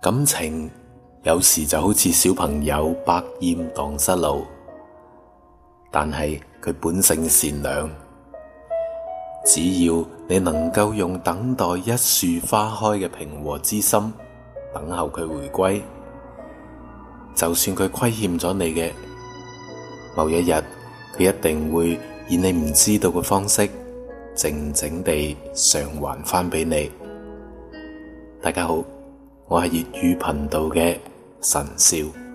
感情有時就好似小朋友百厭蕩失路，但係佢本性善良。只要你能夠用等待一樹花開嘅平和之心等候佢回歸，就算佢虧欠咗你嘅某一日，佢一定會以你唔知道嘅方式，靜靜地償還返俾你。大家好，我係粵語頻道嘅神少。